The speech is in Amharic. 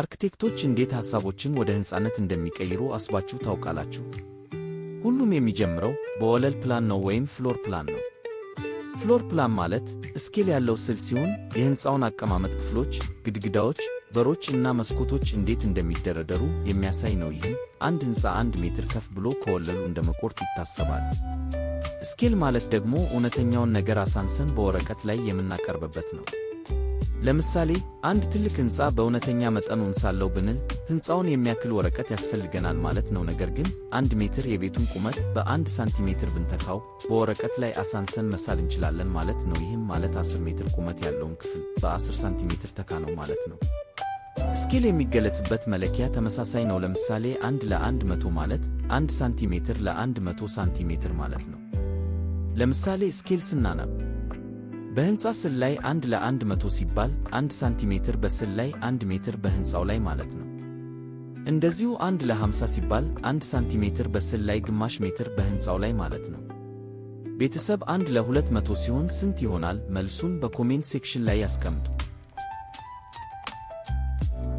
አርክቴክቶች እንዴት ሐሳቦችን ወደ ሕንፃነት እንደሚቀይሩ አስባችሁ ታውቃላችሁ? ሁሉም የሚጀምረው በወለል ፕላን ነው ወይም ፍሎር ፕላን ነው። ፍሎር ፕላን ማለት እስኬል ያለው ስል ሲሆን የሕንፃውን አቀማመጥ፣ ክፍሎች፣ ግድግዳዎች፣ በሮች እና መስኮቶች እንዴት እንደሚደረደሩ የሚያሳይ ነው። ይህም አንድ ሕንፃ አንድ ሜትር ከፍ ብሎ ከወለሉ እንደመቆርጥ ይታሰባል። እስኬል ማለት ደግሞ እውነተኛውን ነገር አሳንሰን በወረቀት ላይ የምናቀርብበት ነው። ለምሳሌ አንድ ትልቅ ሕንፃ በእውነተኛ መጠኑ እንሳለው ብንል ሕንፃውን የሚያክል ወረቀት ያስፈልገናል ማለት ነው። ነገር ግን አንድ ሜትር የቤቱን ቁመት በአንድ ሳንቲሜትር ብንተካው በወረቀት ላይ አሳንሰን መሳል እንችላለን ማለት ነው። ይህም ማለት 10 ሜትር ቁመት ያለውን ክፍል በ10 ሳንቲሜትር ተካ ነው ማለት ነው። ስኬል የሚገለጽበት መለኪያ ተመሳሳይ ነው። ለምሳሌ አንድ ለአንድ መቶ ማለት አንድ ሳንቲሜትር ለአንድ መቶ ሳንቲሜትር ማለት ነው። ለምሳሌ ስኬል ስናነብ በህንፃ ስል ላይ አንድ ለአንድ መቶ ሲባል አንድ ሳንቲሜትር በስል ላይ አንድ ሜትር በህንፃው ላይ ማለት ነው። እንደዚሁ አንድ ለሃምሳ ሲባል አንድ ሳንቲሜትር በስል ላይ ግማሽ ሜትር በህንፃው ላይ ማለት ነው። ቤተሰብ አንድ ለሁለት መቶ ሲሆን ስንት ይሆናል? መልሱን በኮሜንት ሴክሽን ላይ ያስቀምጡ።